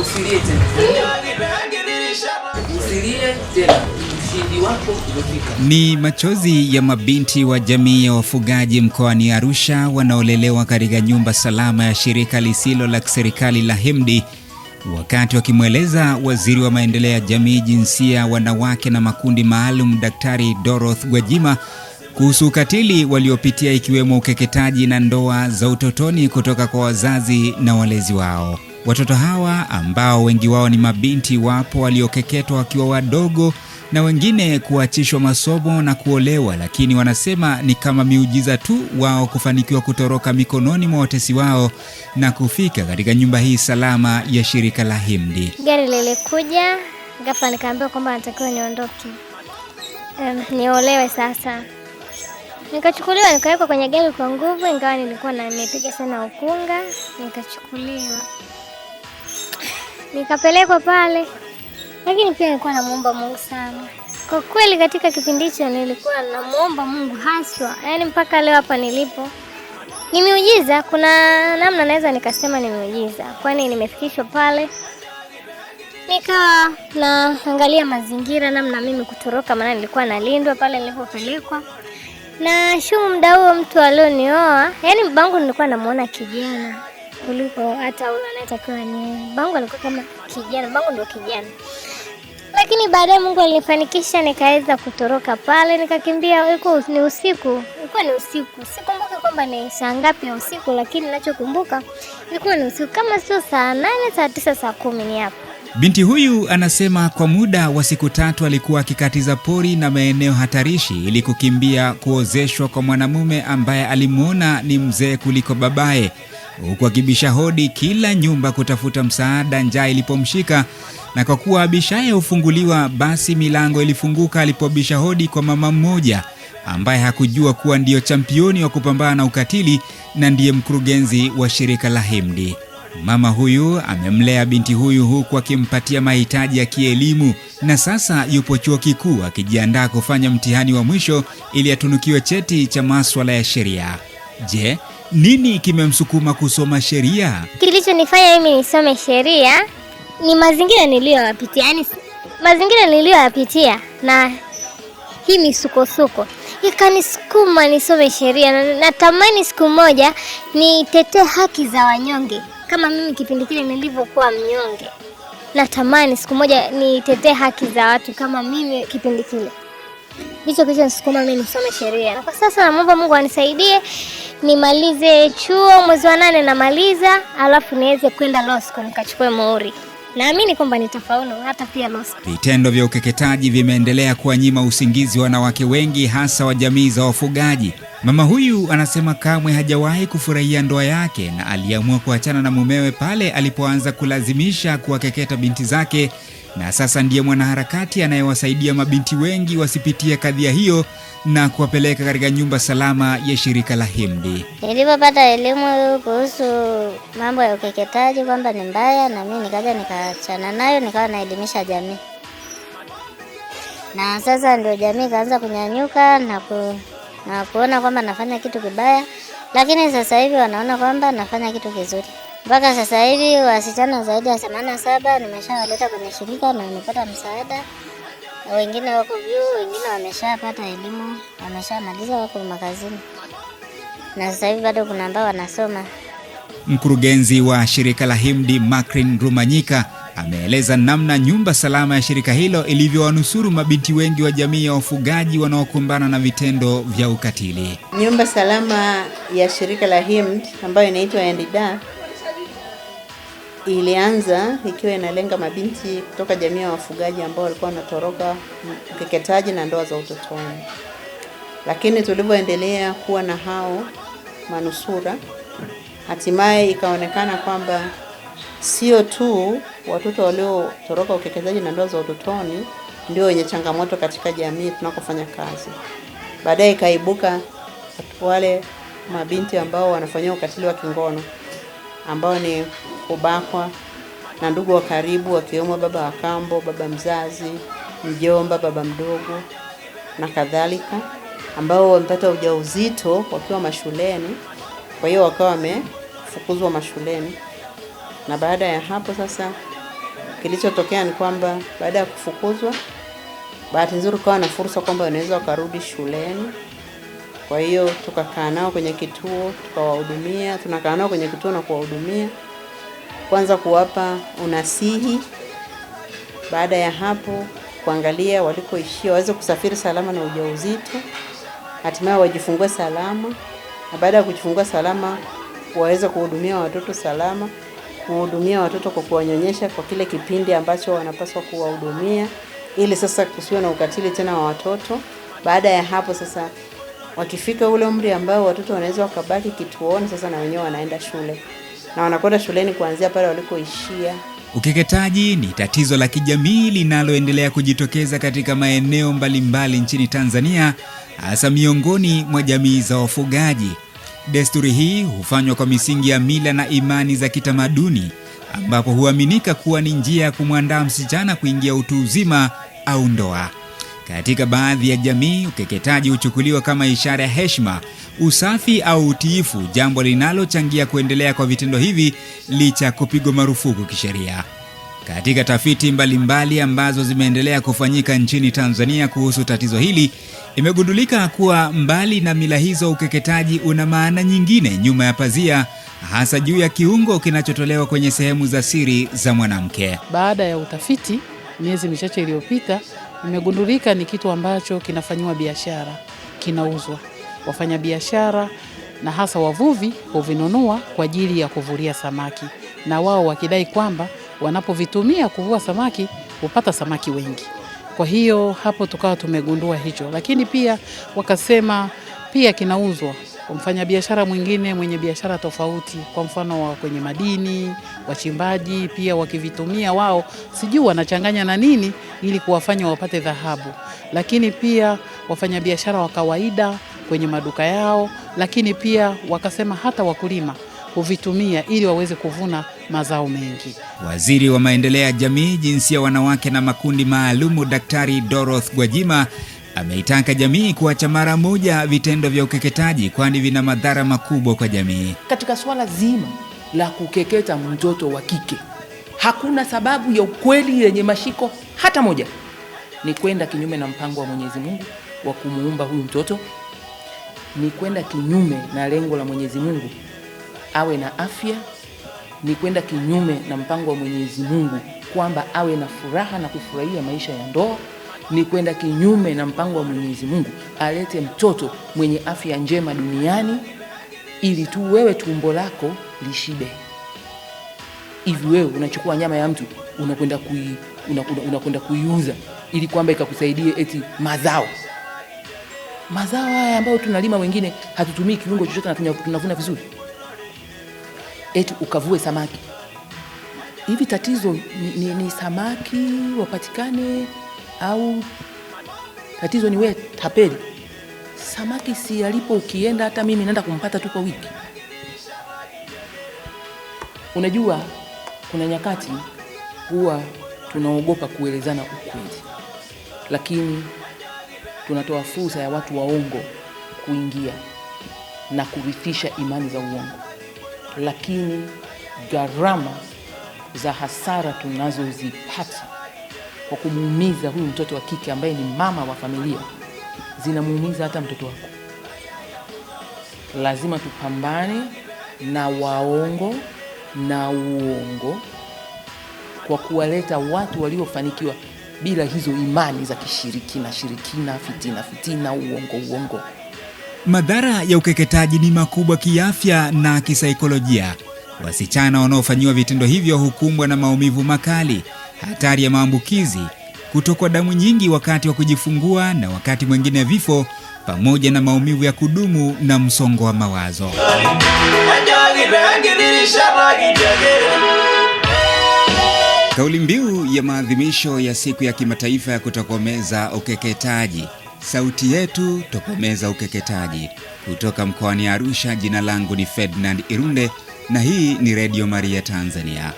Usilie tena. Usilie tena. Ni machozi ya mabinti wa jamii ya wafugaji mkoani Arusha wanaolelewa katika nyumba salama ya shirika lisilo la kiserikali la HIMDI wakati wakimweleza Waziri wa Maendeleo ya Jamii, Jinsia, Wanawake na Makundi Maalum, Daktari Dorothy Gwajima kuhusu ukatili waliopitia ikiwemo ukeketaji na ndoa za utotoni kutoka kwa wazazi na walezi wao. Watoto hawa ambao wengi wao ni mabinti, wapo waliokeketwa wakiwa wadogo na wengine kuachishwa masomo na kuolewa, lakini wanasema ni kama miujiza tu wao kufanikiwa kutoroka mikononi mwa watesi wao na kufika katika nyumba hii salama ya shirika la himdi Gari lilikuja ghafla, nikaambiwa kwamba natakiwa niondoke, um, niolewe sasa. Nikachukuliwa nikawekwa kwenye gari kwa nguvu, ingawa nilikuwa nimepiga sana ukunga, nikachukuliwa nikapelekwa pale, lakini pia nilikuwa namuomba Mungu sana kwa kweli. Katika kipindi hicho nilikuwa namuomba Mungu haswa, yaani mpaka leo hapa nilipo ni miujiza. Kuna namna naweza nikasema ni miujiza, kwani nimefikishwa pale nikawa naangalia mazingira namna mimi kutoroka, maana nilikuwa nalindwa pale nilipopelekwa. Na shumu muda huo mtu alionioa, yaani babangu nilikuwa namuona kijana kuliko hata huyo anayetakiwa ni Bangu. Alikuwa kama kijana, Bangu ndio kijana, lakini baadaye Mungu alinifanikisha nikaweza kutoroka pale, nikakimbia. Ilikuwa ni usiku, ilikuwa ni usiku, sikumbuki kwamba ni saa ngapi ya usiku, lakini ninachokumbuka ilikuwa ni usiku, kama sio saa nane, saa tisa, saa kumi ni hapo. Binti huyu anasema kwa muda wa siku tatu alikuwa akikatiza pori na maeneo hatarishi ili kukimbia kuozeshwa kwa mwanamume ambaye alimwona ni mzee kuliko babaye huku akibisha hodi kila nyumba kutafuta msaada njaa ilipomshika. Na kwa kuwa abishaye hufunguliwa, basi milango ilifunguka alipobisha hodi kwa mama mmoja ambaye hakujua kuwa ndiyo championi wa kupambana na ukatili na ndiye mkurugenzi wa shirika la HIMDI. Mama huyu amemlea binti huyu huku akimpatia mahitaji ya kielimu, na sasa yupo chuo kikuu akijiandaa kufanya mtihani wa mwisho ili atunukiwe cheti cha maswala ya sheria. Je, nini kimemsukuma kusoma sheria? Kilichonifanya mimi nisome sheria ni mazingira niliyoyapitia, yaani mazingira niliyoyapitia na hii misukosuko ikanisukuma nisome sheria, na natamani siku moja nitetee haki za wanyonge kama mimi kipindi kile nilivyokuwa mnyonge. Natamani siku moja nitetee haki za watu kama mimi kipindi kile hicho nisukuma mimi nisome sheria, na kwa sasa namwomba Mungu anisaidie nimalize chuo mwezi wa nane, namaliza alafu niweze kwenda law school nikachukue muhuri. Naamini kwamba nitafaulu hata pia law school. Vitendo vya ukeketaji vimeendelea kuwanyima usingizi wanawake wengi, hasa wa jamii za wafugaji. Mama huyu anasema kamwe hajawahi kufurahia ndoa yake na aliamua kuachana na mumewe pale alipoanza kulazimisha kuwakeketa binti zake na sasa ndiye mwanaharakati anayewasaidia mabinti wengi wasipitie kadhia hiyo na kuwapeleka katika nyumba salama ya shirika la HIMDI. Nilipopata elimu kuhusu mambo ya ukeketaji kwamba ni mbaya, na mimi nikaja nikaachana nayo, nikawa naelimisha jamii, na sasa ndio jamii ikaanza kunyanyuka na, ku, na kuona kwamba nafanya kitu kibaya, lakini sasa hivi wanaona kwamba nafanya kitu kizuri. Mpaka sasa hivi wasichana zaidi ya themanini na saba nimeshawaleta kwenye shirika na wamepata msaada. Wengine wako vyuo, wengine wameshapata elimu, wameshamaliza, wako makazini, na sasa hivi bado kuna ambao wanasoma. Mkurugenzi wa shirika la HIMDI Makrin Rumanyika ameeleza namna nyumba salama ya shirika hilo ilivyowanusuru mabinti wengi wa jamii ya wafugaji wanaokumbana na vitendo vya ukatili. Nyumba salama ya shirika la HIMDI ambayo inaitwa Endida ilianza ikiwa inalenga mabinti kutoka jamii ya wa wafugaji ambao walikuwa wanatoroka ukeketaji na ndoa za utotoni, lakini tulivyoendelea kuwa na hao manusura, hatimaye ikaonekana kwamba sio tu watoto waliotoroka ukeketaji na ndoa za utotoni ndio wenye changamoto katika jamii tunakofanya kazi. Baadaye ikaibuka wale mabinti ambao wanafanyia ukatili wa kingono ambao ni kubakwa na ndugu wa karibu wakiwemo baba wa kambo, baba mzazi, mjomba, baba mdogo na kadhalika, ambao wamepata ujauzito wakiwa mashuleni, kwa hiyo wakawa wamefukuzwa mashuleni. Na baada ya hapo sasa, kilichotokea ni kwamba baada ya kufukuzwa, bahati nzuri ukawa na fursa kwamba wanaweza wakarudi shuleni. Kwa hiyo tukakaa nao kwenye kituo tukawahudumia, tunakaa nao kwenye kituo na kuwahudumia, kwanza kuwapa unasihi, baada ya hapo kuangalia walikoishia waweze kusafiri salama na ujauzito, hatimaye wajifungue salama, na baada ya kujifungua salama waweze kuhudumia watoto salama, kuhudumia watoto kwa kuwanyonyesha kwa kile kipindi ambacho wanapaswa kuwahudumia, ili sasa kusiwe na ukatili tena wa watoto. Baada ya hapo sasa wakifika ule umri ambao watoto wanaweza wakabaki kituoni, sasa na wenyewe wanaenda shule na wanakwenda shuleni kuanzia pale walikoishia. Ukeketaji ni tatizo la kijamii linaloendelea kujitokeza katika maeneo mbalimbali nchini Tanzania, hasa miongoni mwa jamii za wafugaji. Desturi hii hufanywa kwa misingi ya mila na imani za kitamaduni, ambapo huaminika kuwa ni njia ya kumwandaa msichana kuingia utu uzima au ndoa. Katika baadhi ya jamii, ukeketaji huchukuliwa kama ishara ya heshima, usafi au utiifu, jambo linalochangia kuendelea kwa vitendo hivi licha ya kupigwa marufuku kisheria. Katika tafiti mbalimbali mbali ambazo zimeendelea kufanyika nchini Tanzania kuhusu tatizo hili, imegundulika kuwa mbali na mila hizo, ukeketaji una maana nyingine nyuma ya pazia, hasa juu ya kiungo kinachotolewa kwenye sehemu za siri za mwanamke. Baada ya utafiti, miezi michache iliyopita imegundulika ni kitu ambacho kinafanyiwa biashara, kinauzwa. Wafanyabiashara na hasa wavuvi huvinunua kwa ajili ya kuvulia samaki, na wao wakidai kwamba wanapovitumia kuvua samaki hupata samaki wengi. Kwa hiyo hapo tukawa tumegundua hicho, lakini pia wakasema pia kinauzwa mfanyabiashara mwingine mwenye biashara tofauti, kwa mfano wa kwenye madini, wachimbaji pia wakivitumia wao, sijui wanachanganya na nini ili kuwafanya wapate dhahabu, lakini pia wafanyabiashara wa kawaida kwenye maduka yao, lakini pia wakasema hata wakulima huvitumia ili waweze kuvuna mazao mengi. Waziri wa maendeleo ya jamii, jinsia, wanawake na makundi maalumu, Daktari Dorothy Gwajima ameitaka jamii kuacha mara moja vitendo vya ukeketaji kwani vina madhara makubwa kwa jamii. Katika swala zima la kukeketa mtoto wa kike hakuna sababu ya ukweli yenye mashiko hata moja, ni kwenda kinyume na mpango wa Mwenyezi Mungu wa kumuumba huyu mtoto, ni kwenda kinyume na lengo la Mwenyezi Mungu awe na afya, ni kwenda kinyume na mpango wa Mwenyezi Mungu kwamba awe na furaha na kufurahia maisha ya ndoa ni kwenda kinyume na mpango wa Mwenyezi Mungu alete mtoto mwenye afya njema duniani ili tu wewe tumbo lako lishibe. Hivi wewe unachukua nyama ya mtu unakwenda kui, unakwenda una, una kuiuza ili kwamba ikakusaidie eti mazao mazao haya ambayo tunalima wengine hatutumii kiungo chochote na tunavuna vizuri, eti ukavue samaki. Hivi tatizo ni, ni, ni samaki wapatikane au tatizo ni wewe tapeli? Samaki si alipo ukienda, hata mimi naenda kumpata tu kwa wiki. Unajua kuna nyakati huwa tunaogopa kuelezana ukweli, lakini tunatoa fursa ya watu waongo kuingia na kurithisha imani za uongo, lakini gharama za hasara tunazozipata kwa kumuumiza huyu mtoto wa kike ambaye ni mama wa familia zinamuumiza hata mtoto wako. Lazima tupambane na waongo na uongo kwa kuwaleta watu waliofanikiwa bila hizo imani za kishirikina shirikina, fitina fitina, uongo uongo. Madhara ya ukeketaji ni makubwa kiafya na kisaikolojia. Wasichana wanaofanyiwa vitendo hivyo hukumbwa na maumivu makali hatari ya maambukizi, kutokwa damu nyingi wakati wa kujifungua na wakati mwingine vifo, pamoja na maumivu ya kudumu na msongo wa mawazo. Kauli mbiu ya maadhimisho ya siku ya kimataifa ya kutokomeza ukeketaji, sauti yetu tokomeza ukeketaji, kutoka mkoani Arusha. Jina langu ni Ferdinand Irunde na hii ni redio Maria Tanzania.